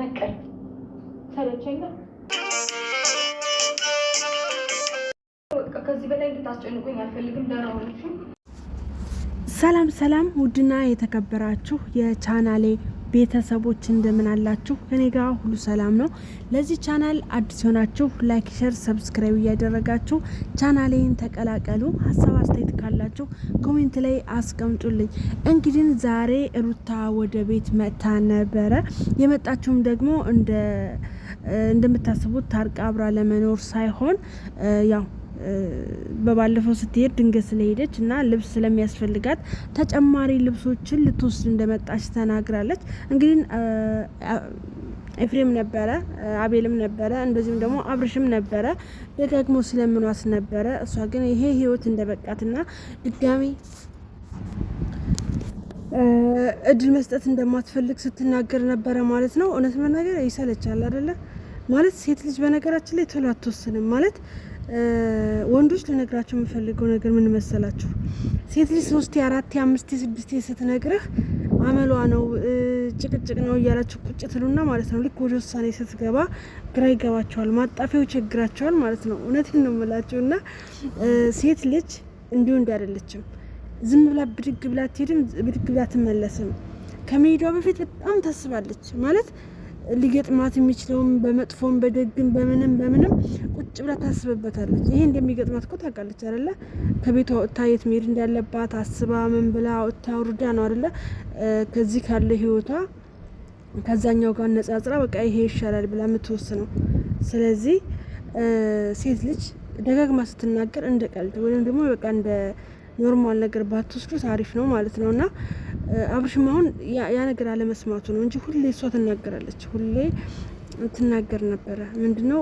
በቃኝ፣ ሰለቸኝ። ከዚህ በላይ እንድታስጨንቁኝ አልፈልግም። ደህና ሰላም ሰላም። ውድና የተከበራችሁ የቻናሌ ቤተሰቦች እንደምን አላችሁ? ከኔ ጋር ሁሉ ሰላም ነው። ለዚህ ቻናል አዲስ ሆናችሁ ላይክ፣ ሸር፣ ሰብስክራይብ እያደረጋችሁ ቻናሌን ተቀላቀሉ። ሀሳብ አስተያየት ካላችሁ ኮሜንት ላይ አስቀምጡልኝ። እንግዲህ ዛሬ ሩታ ወደ ቤት መጥታ ነበረ። የመጣችሁም ደግሞ እንደምታስቡት ታርቃ አብራ ለመኖር ሳይሆን ያው በባለፈው ስትሄድ ድንገት ስለሄደች እና ልብስ ስለሚያስፈልጋት ተጨማሪ ልብሶችን ልትወስድ እንደመጣች ተናግራለች። እንግዲህ ኤፍሬም ነበረ፣ አቤልም ነበረ፣ እንደዚሁም ደግሞ አብርሽም ነበረ ደጋግሞ ስለምኗስ ነበረ። እሷ ግን ይሄ ህይወት እንደበቃትና ድጋሚ እድል መስጠት እንደማትፈልግ ስትናገር ነበረ ማለት ነው። እውነት መናገር ይሰለቻል አይደለ? ማለት ሴት ልጅ በነገራችን ላይ ቶሎ አትወስንም ማለት ወንዶች ልነግራቸው የምፈልገው ነገር ምን መሰላችሁ? ሴት ልጅ ሶስቴ አራቴ አምስቴ ስድስቴ ስትነግርህ አመሏ ነው ጭቅጭቅ ነው እያላቸው ቁጭ ትሉና ማለት ነው። ልክ ወደ ውሳኔ ስትገባ ግራ ይገባቸዋል፣ ማጣፊያው ችግራቸዋል ማለት ነው። እውነቴን ነው የምላችሁ። እና ሴት ልጅ እንዲሁ እንዲ አይደለችም። ዝም ብላ ብድግ ብላ አትሄድም፣ ብድግ ብላ አትመለስም። ከመሄዷ በፊት በጣም ታስባለች ማለት ሊገጥማት የሚችለውም በመጥፎም በደግም በምንም በምንም ቁጭ ብላ ታስብበታለች። ይሄ እንደሚገጥማት እኮ ታውቃለች አይደለ? ከቤቷ ወጥታ የት መሄድ እንዳለባት አስባ ምን ብላ ወጥታ ውርዳ ነው አይደለ? ከዚህ ካለ ህይወቷ ከዛኛው ጋር ነጻጽራ በቃ ይሄ ይሻላል ብላ የምትወስነው። ስለዚህ ሴት ልጅ ደጋግማ ስትናገር እንደ ቀልድ ወይም ደግሞ በቃ እንደ ኖርማል ነገር ባትወስዱት አሪፍ ነው ማለት ነው እና አብርሽም አሁን ያ ነገር አለመስማቱ ነው እንጂ ሁሌ እሷ ትናገራለች። ሁሌ ትናገር ነበረ። ምንድነው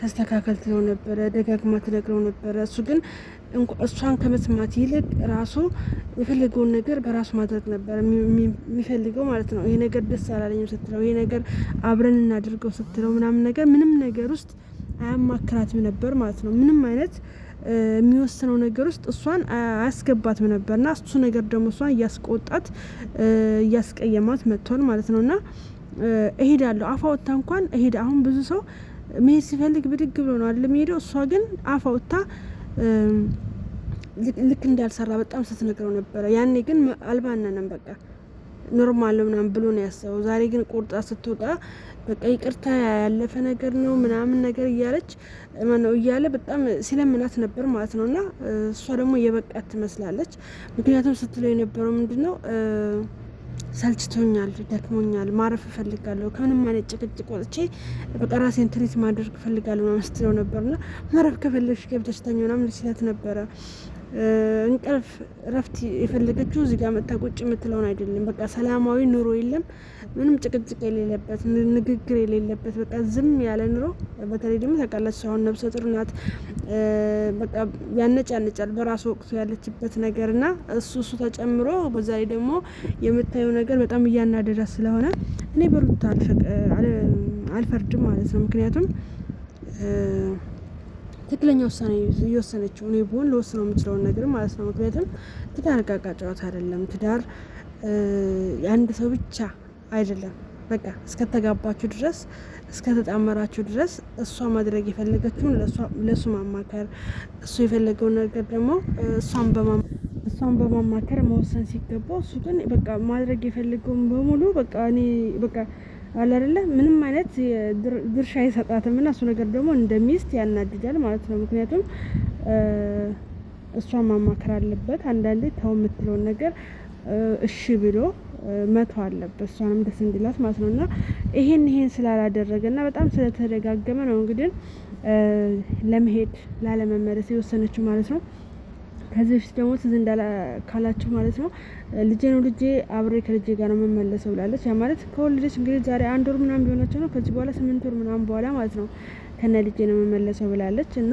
ተስተካከል ትለው ነበረ፣ ደጋግማ ትነግረው ነበረ። እሱ ግን እሷን ከመስማት ይልቅ ራሱ የፈለገውን ነገር በራሱ ማድረግ ነበረ የሚፈልገው ማለት ነው። ይሄ ነገር ደስ አላለኝም ስትለው፣ ይሄ ነገር አብረን እናድርገው ስትለው ምናምን ነገር ምንም ነገር ውስጥ አያማክራትም ነበር ማለት ነው ምንም አይነት የሚወስነው ነገር ውስጥ እሷን አያስገባትም ነበር ና እሱ ነገር ደግሞ እሷን እያስቆጣት እያስቀየማት መጥቷል ማለት ነው። ና እሄዳለሁ አፋ ወጥታ እንኳን እሄድ አሁን ብዙ ሰው መሄድ ሲፈልግ ብድግ ብሎ ነው አለ እሷ ግን አፋውታ ልክ እንዳልሰራ በጣም ስትነግረው ነበረ። ያኔ ግን አልባነንም በቃ ኖርማል ምናምን ብሎ ነው ያሰበው። ዛሬ ግን ቁርጣ ስትወጣ በቃ ይቅርታ ያለፈ ነገር ነው ምናምን ነገር እያለች ነው እያለ በጣም ሲለምናት ነበር ማለት ነው። እና እሷ ደግሞ የበቃት ትመስላለች። ምክንያቱም ስትለው የነበረው ምንድን ነው ሰልችቶኛል፣ ደክሞኛል፣ ማረፍ እፈልጋለሁ፣ ከምንም አይነት ጭቅጭቅ ወጥቼ በቃ ራሴን ትሪት ማድረግ እፈልጋለሁ ምናምን ስትለው ነበርና ማረፍ ከፈለግሽ ገብተሽ ተኝ ምናምን ሲላት ነበረ። እንቅልፍ እረፍት የፈለገችው እዚህ ጋር መታ ቁጭ የምትለውን አይደለም። በቃ ሰላማዊ ኑሮ የለም፣ ምንም ጭቅጭቅ የሌለበት ንግግር የሌለበት በቃ ዝም ያለ ኑሮ። በተለይ ደግሞ ታውቃላችሁ አሁን ነብሰ ጡር ናት። በቃ ያነጫል በራሱ ወቅቱ ያለችበት ነገር እና እሱ እሱ ተጨምሮ በዛ ላይ ደግሞ የምታየው ነገር በጣም እያናደዳ ስለሆነ እኔ በሩታ አልፈርድም ማለት ነው ምክንያቱም ትክክለኛ ውሳኔ እየወሰነችው እኔ ብሆን ልወስነው የምችለውን ነገር ማለት ነው። ምክንያቱም ትዳር ዕቃ ጨዋታ አይደለም። ትዳር የአንድ ሰው ብቻ አይደለም። በቃ እስከተጋባችሁ ድረስ እስከተጣመራችሁ ድረስ እሷ ማድረግ የፈለገችውን ለእሱ ማማከር፣ እሱ የፈለገውን ነገር ደግሞ እሷን በማ እሷን በማማከር መወሰን ሲገባው እሱ ግን በቃ ማድረግ የፈለገውን በሙሉ በቃ እኔ በቃ አለ አይደለ ምንም አይነት ድርሻ አይሰጣትም። እና እሱ ነገር ደግሞ እንደ ሚስት ያናድዳል ማለት ነው። ምክንያቱም እሷን ማማከር አለበት። አንዳንዴ ተው የምትለውን ነገር እሺ ብሎ መቶ አለበት፣ እሷንም ደስ እንዲላት ማለት ነው። እና ይሄን ይሄን ስላላደረገ እና በጣም ስለተደጋገመ ነው እንግዲህ ለመሄድ ላለመመለስ የወሰነችው ማለት ነው። ከዚህ በፊት ደግሞ ትዝ እንዳላ ካላችሁ ማለት ነው ልጄ ነው ልጄ አብሬ ከልጄ ጋር ነው የምመለሰው ብላለች። ያ ማለት ከወለደች እንግዲህ ዛሬ አንድ ወር ምናምን ቢሆናቸው ነው። ከዚህ በኋላ ስምንት ወር ምናምን በኋላ ማለት ነው ከነ ልጄ ነው የምመለሰው ብላለች። እና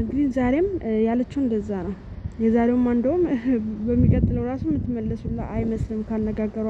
እንግዲህ ዛሬም ያለችው እንደዛ ነው። የዛሬውም አንደውም በሚቀጥለው ራሱ የምትመለሱላ አይመስልም ካነጋገሯ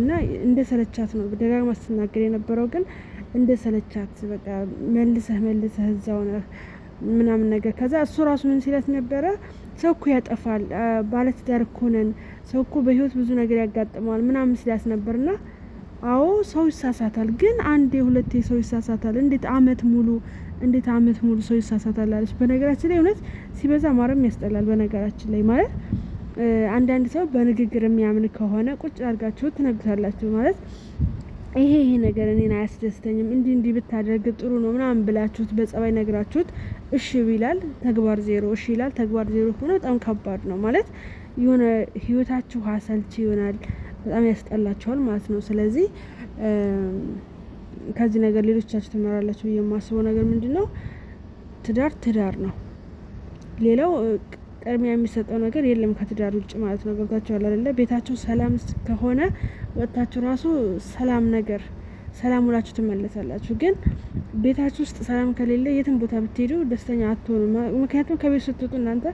እና እንደ ሰለቻት ነው ደጋግማ ስትናገር የነበረው ግን እንደ ሰለቻት በቃ መልሰህ መልሰህ እዛው ነህ ምናምን ነገር ከዛ እሱ ራሱ ምን ሲለት ነበረ ሰው እኮ ያጠፋል፣ ባለትዳር እኮ ነን፣ ሰው እኮ በህይወት ብዙ ነገር ያጋጥመዋል ምናምን ሲላት ነበርና አዎ ሰው ይሳሳታል፣ ግን አንዴ ሁለቴ ሰው ይሳሳታል። እንዴት አመት ሙሉ እንዴት አመት ሙሉ ሰው ይሳሳታል አለች። በነገራችን ላይ እውነት ሲበዛ ማረም ያስጠላል። በነገራችን ላይ ማለት አንዳንድ ሰው በንግግር የሚያምን ከሆነ ቁጭ አድርጋችሁ ትነግታላችሁ ማለት ይሄ ይሄ ነገር እኔን አያስደስተኝም፣ እንዲህ እንዲህ ብታደርግ ጥሩ ነው ምናምን ብላችሁት በጸባይ ነግራችሁት እሺ ይላል፣ ተግባር ዜሮ። እሺ ይላል፣ ተግባር ዜሮ ከሆነ በጣም ከባድ ነው ማለት የሆነ ህይወታችሁ አሰልቺ ይሆናል፣ በጣም ያስጠላችኋል ማለት ነው። ስለዚህ ከዚህ ነገር ሌሎቻችሁ ትመራላችሁ ብዬ የማስበው ነገር ምንድን ነው፣ ትዳር ትዳር ነው። ሌላው ቅድሚያ የሚሰጠው ነገር የለም ከትዳር ውጭ ማለት ነው። ገብታችኋል አይደለ? ቤታችሁ ሰላም ከሆነ ወጥታችሁ ራሱ ሰላም ነገር ሰላም ውላችሁ ትመለሳላችሁ። ግን ቤታችሁ ውስጥ ሰላም ከሌለ የትም ቦታ ብትሄዱ ደስተኛ አትሆኑም። ምክንያቱም ከቤት ስትወጡ እናንተ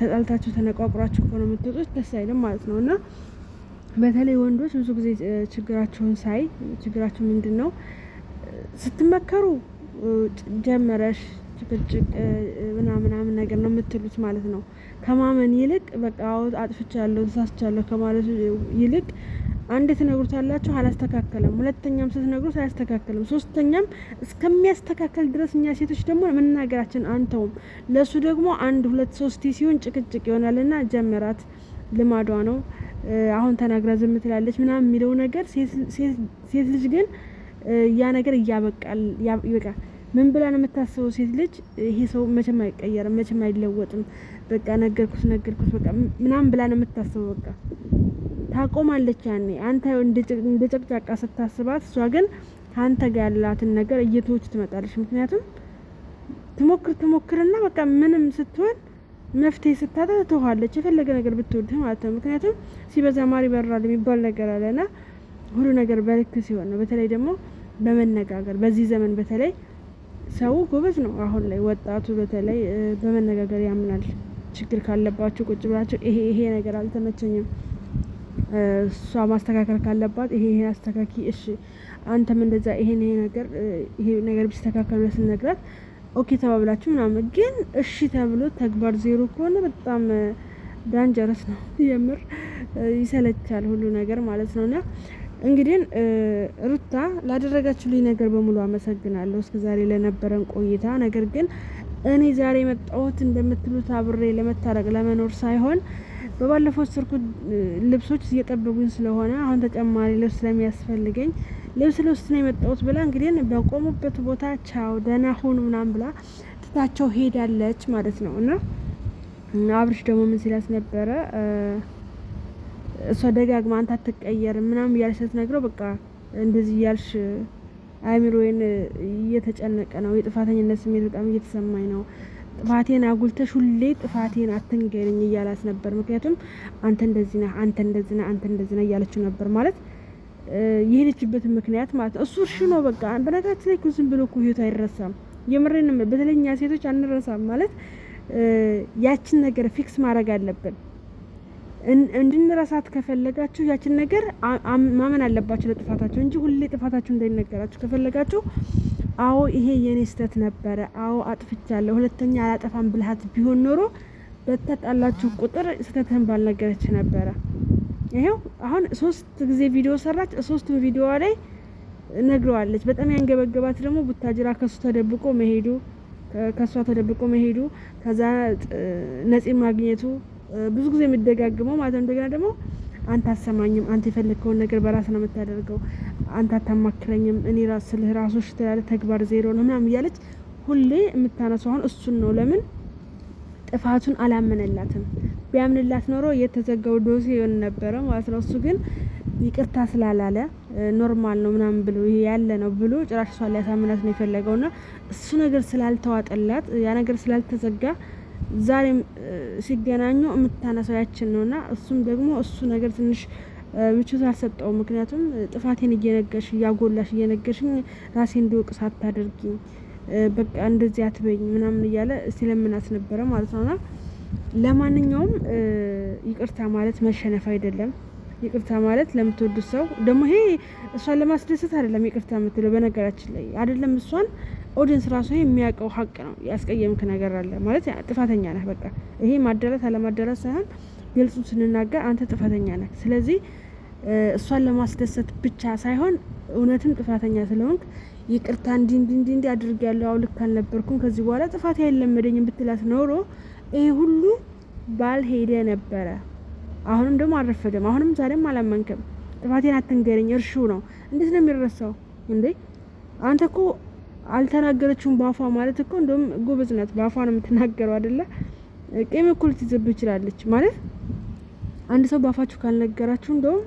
ተጣልታችሁ ተነቋቁራችሁ ከሆነ የምትወጡት ደስ አይልም ማለት ነው እና በተለይ ወንዶች ብዙ ጊዜ ችግራችሁን ሳይ ችግራችሁ ምንድን ነው ስትመከሩ ጀመረሽ ጭቅጭቅ ምናምናምን ነገር ነው የምትሉት ማለት ነው። ከማመን ይልቅ በቃ አጥፍቻለሁ፣ ተሳስቻለሁ ከማለት ይልቅ አንድ ያላችሁ አላስተካከለም። ሁለተኛም ስትነግሩት አላስተካከለም። ሶስተኛም እስከሚያስተካከል ድረስ እኛ ሴቶች ደግሞ መናገራችን አንተውም። ለእሱ ደግሞ አንድ ሁለት ሶስት ሲሆን ጭቅጭቅ ይሆናልና ጀመራት፣ ልማዷ ነው። አሁን ተናግራ ዝም ትላለች ምናምን የሚለው ነገር ሴት ልጅ ግን ያ ነገር እያበቃል ይበቃል ምን ብላ ነው የምታስበው ሴት ልጅ? ይሄ ሰው መቼም አይቀየርም፣ መቼም አይለወጥም፣ በቃ ነገርኩት ነገርኩት በቃ ምናምን ብላ ነው የምታስበው። በቃ ታቆማለች። ያኔ አንተ እንደ ጨቅጫቃ ስታስባት፣ እሷ ግን ከአንተ ጋር ያላትን ነገር እየተወች ትመጣለች። ምክንያቱም ትሞክር ትሞክርና በቃ ምንም ስትሆን መፍትሄ ስታጣ ትተዋለች። የፈለገ ነገር ብትወድህ ማለት ነው። ምክንያቱም ሲበዛ ማር ይበራል የሚባል ነገር አለና ሁሉ ነገር በልክ ሲሆን ነው። በተለይ ደግሞ በመነጋገር በዚህ ዘመን በተለይ ሰው ጎበዝ ነው። አሁን ላይ ወጣቱ በተለይ በመነጋገር ያምናል። ችግር ካለባቸው ቁጭ ብላችሁ ይሄ ይሄ ነገር አልተመቸኝም፣ እሷ ማስተካከል ካለባት ይሄ ይሄ አስተካኪ፣ እሺ አንተም እንደዛ ይሄን ይሄ ነገር ይሄ ነገር ቢስተካከል ብለህ ስነግራት ኦኬ ተባብላችሁ ምናምን፣ ግን እሺ ተብሎ ተግባር ዜሮ ከሆነ በጣም ዳንጀረስ ነው። የምር ይሰለቻል ሁሉ ነገር ማለት ነው እና እንግዲህ ሩታ ላደረጋችሁልኝ ነገር በሙሉ አመሰግናለሁ፣ እስከ ዛሬ ለነበረን ቆይታ። ነገር ግን እኔ ዛሬ መጣሁት እንደምትሉት አብሬ ለመታረቅ ለመኖር ሳይሆን በባለፈው ስርኩ ልብሶች እየጠበቡኝ ስለሆነ አሁን ተጨማሪ ልብስ ስለሚያስፈልገኝ ልብስ ልብስ ነው የመጣሁት ብላ እንግዲህ በቆሙበት ቦታ ቻው ደህና ሁኑ ምናምን ብላ ትታቸው ሄዳለች ማለት ነው እና አብርሽ ደግሞ ምን ሲላስ ነበረ እሷ ደጋግማ አንተ አትቀየርም ምናምን እያልሽ ስትነግረው በቃ እንደዚህ እያልሽ አእምሮዬን እየተጨነቀ ነው፣ የጥፋተኝነት ስሜት በጣም እየተሰማኝ ነው። ጥፋቴን አጉልተሽ ሁሌ ጥፋቴን አትንገሪኝ እያላት ነበር። ምክንያቱም አንተ እንደዚህ ነህ፣ አንተ እንደዚህ ነህ፣ አንተ እንደዚህ ነህ እያለችው ነበር ማለት የሄደችበትን ምክንያት ማለት ነው። እሱ እርሽ ነው በቃ። በነገራችን ላይ ዝም ብሎ እኮ ህይወቱ አይረሳም። የምሬን በተለይ እኛ ሴቶች አንረሳም ማለት ያችን ነገር ፊክስ ማድረግ አለብን። እንድንረሳት ከፈለጋችሁ ያችን ነገር ማመን አለባችሁ ለጥፋታችሁ እንጂ ሁሌ ጥፋታችሁ እንዳይነገራችሁ ከፈለጋችሁ አዎ ይሄ የኔ ስህተት ነበረ፣ አዎ አጥፍቻለሁ፣ ሁለተኛ አላጠፋም ብልሃት ቢሆን ኖሮ በተጣላችሁ ቁጥር ስህተትህን ባልነገረች ነበረ። ይሄው አሁን ሶስት ጊዜ ቪዲዮ ሰራች። ሶስቱም ቪዲዮ ላይ ነግረዋለች። በጣም ያንገበገባት ደግሞ ቡታጅራ ከሱ ተደብቆ መሄዱ ከእሷ ተደብቆ መሄዱ ከዛ ነፂ ማግኘቱ ብዙ ጊዜ የሚደጋግመው ማለት ነው። እንደገና ደግሞ አንተ አሰማኝም፣ አንተ የፈለግከውን ነገር በራስ ነው የምታደርገው፣ አንተ አታማክረኝም፣ እኔ ስልህ ራሱ ሽትላለ ተግባር ዜሮ ነው ምናምን እያለች ሁሌ የምታነሳው አሁን እሱን ነው። ለምን ጥፋቱን አላመነላትም። ቢያምንላት ኖሮ የተዘጋው ዶሴ ይሆን ነበረ ማለት ነው። እሱ ግን ይቅርታ ስላላለ ኖርማል ነው ምናምን ብሎ ይሄ ያለ ነው ብሎ ጭራሽ እሷ ሊያሳምናት ነው የፈለገውና እሱ ነገር ስላልተዋጠላት ያ ነገር ስላልተዘጋ ዛሬም ሲገናኙ የምታነሳው ያችን ነው እና እሱም ደግሞ እሱ ነገር ትንሽ ምቾት አልሰጠው። ምክንያቱም ጥፋቴን እየነገርሽ እያጎላሽ እየነገርሽኝ ራሴ እንዲወቅ ሳታደርጊኝ በቃ እንደዚህ አትበኝ ምናምን እያለ ሲለምናት ነበረ ማለት ነውና ለማንኛውም ይቅርታ ማለት መሸነፍ አይደለም። ይቅርታ ማለት ለምትወዱት ሰው ደግሞ ይሄ እሷን ለማስደሰት አይደለም። ይቅርታ የምትለው በነገራችን ላይ አይደለም እሷን ኦዲንስ ራሱ የሚያውቀው ሀቅ ነው። ያስቀየምክ ነገር አለ ማለት ጥፋተኛ ነህ። በቃ ይሄ ማደረስ አለማደረስ ሳይሆን ግልጹን ስንናገር አንተ ጥፋተኛ ነህ። ስለዚህ እሷን ለማስደሰት ብቻ ሳይሆን እውነትም ጥፋተኛ ስለሆንክ ይቅርታ እንዲ እንዲ እንዲ እንዲ አድርግ ያለው አው ልክ አልነበርኩም፣ ከዚህ በኋላ ጥፋት አይለመደኝም ብትላት ኖሮ ይሄ ሁሉ ባልሄደ ነበረ። አሁንም ደግሞ አልረፈደም። አሁንም ዛሬም አላመንክም። ጥፋቴን አትንገረኝ፣ እርሹ ነው። እንዴት ነው የሚረሳው እንዴ? አንተ እኮ አልተናገረችውም በአፏ ማለት እኮ እንደውም ጎበዝ ናት። በአፏ ነው የምትናገረው አይደለ? ቂም እኩል ልትይዝብህ ይችላለች ማለት አንድ ሰው በአፋችሁ ካልነገራችሁ እንደውም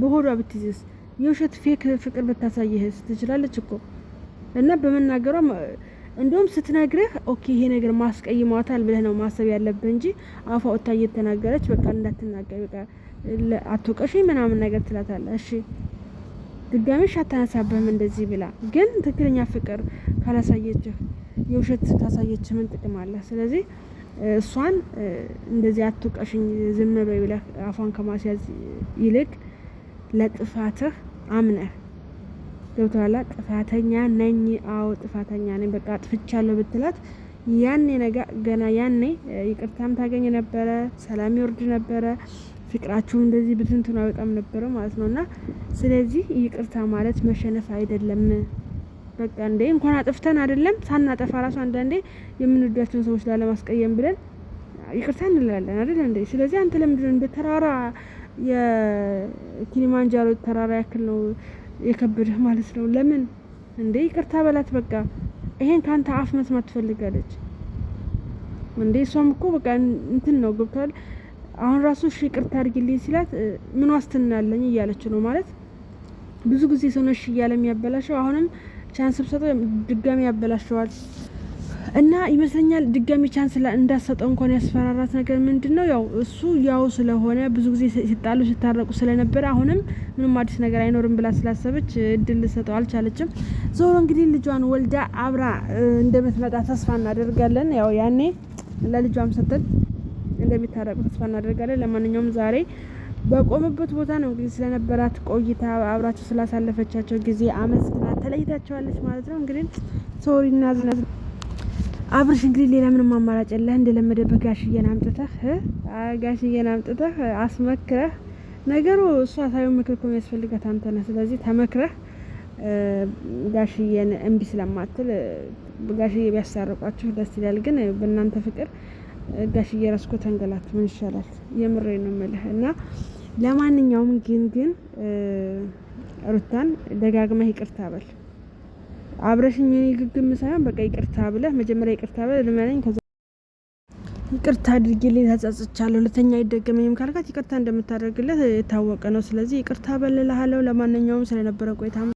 በሆዷ ብትይዝስ የውሸት ፌክ ፍቅር ብታሳይህስ ትችላለች እኮ እና በመናገሯ እንደውም ስትነግርህ ኦኬ ይሄ ነገር ማስቀይሟታል ብለህ ነው ማሰብ ያለብህ እንጂ አፏ ወታ እየተናገረች በቃ እንዳትናገር በቃ አትወቀሽ ምናምን ነገር ትላታለህ። እሺ ድጋሚሽ አታነሳብህም እንደዚህ ብላ። ግን ትክክለኛ ፍቅር ካላሳየችህ የውሸት ካሳየች ምን ጥቅም አለ? ስለዚህ እሷን እንደዚህ አትውቀሽኝ ዝም በይ ብለህ አፏን ከማስያዝ ይልቅ ለጥፋትህ አምነህ ገብቶሃል። ጥፋተኛ ነኝ፣ አዎ ጥፋተኛ ነኝ፣ በቃ አጥፍቻለሁ ብትላት ያኔ ነገ ገና ያኔ ይቅርታም ታገኝ ነበረ፣ ሰላም ይወርድ ነበረ። ፍቅራችሁ እንደዚህ ብትንትና በጣም ነበረ ማለት ነው። እና ስለዚህ ይቅርታ ማለት መሸነፍ አይደለም። በቃ እንዴ እንኳን አጥፍተን አይደለም ሳናጠፋ ራሱ አንዳንዴ የምንወዳቸውን ሰዎች ላለማስቀየም ብለን ይቅርታ እንላለን አይደል እንዴ? ስለዚህ አንተ ለምንድነው እንደ ተራራ የኪሊማንጃሮ ተራራ ያክል ነው የከበደህ ማለት ነው። ለምን እንዴ ይቅርታ በላት በቃ ይሄን ከአንተ አፍ መስማት ትፈልጋለች እንዴ? እሷም እኮ በቃ እንትን ነው ገብቷል አሁን ራሱ እሺ ይቅርታ አድርጊልኝ ሲላት ምን ዋስትና አለኝ እያለች ነው ማለት ብዙ ጊዜ ሰው እሺ እያለ የሚያበላሸው አሁንም ቻንስ ብሰጠው ድጋሚ ያበላሸዋል። እና ይመስለኛል ድጋሚ ቻንስ እንዳሰጠው እንኳን ያስፈራራት ነገር ምንድን ነው? ያው እሱ ያው ስለሆነ ብዙ ጊዜ ሲጣሉ ሲታረቁ ስለነበረ አሁንም ምንም አዲስ ነገር አይኖርም ብላ ስላሰበች እድል ልሰጠው አልቻለችም። ዞሮ እንግዲህ ልጇን ወልዳ አብራ እንደምትመጣ ተስፋ እናደርጋለን። ያው ያኔ ለልጇም ሰጠን እንደሚታረቁ ተስፋ እናደርጋለን። ለማንኛውም ዛሬ በቆመበት ቦታ ነው እንግዲህ ስለነበራት ቆይታ አብራቸው ስላሳለፈቻቸው ጊዜ አመስግና ተለይታቸዋለች ማለት ነው። እንግዲህ ሶሪ ዝናዝ አብርሽ እንግዲህ ሌላ ምንም አማራጭ የለህ። እንደለመደብህ ጋሽዬን አምጥተህ ጋሽዬን አምጥተህ አስመክረህ ነገሩ እሷ ሳይሆን ምክር እኮ የሚያስፈልጋት አንተ ነህ። ስለዚህ ተመክረህ ጋሽዬን እምቢ ስለማትል ጋሽዬ ቢያሳርቋችሁ ደስ ይላል። ግን በእናንተ ፍቅር ጋሽ እራሱ ተንገላት ምን ይሻላል? የምሬ ነው የምልህ። እና ለማንኛውም ግን ግን ሩታን ደጋግመህ ይቅርታ በል አብረሽኝ ግግም ሳይሆን በቃ ይቅርታ ብለህ መጀመሪያ ይቅርታ ብለህ ልመነኝ ከዛ ይቅርታ አድርጊልኝ ተጸጽቻለሁ፣ ሁለተኛ አይደገመኝም ካልካት ይቅርታ እንደምታደርግለት የታወቀ ነው። ስለዚህ ይቅርታ በልልሃለሁ። ለማንኛውም ስለነበረ ቆይታ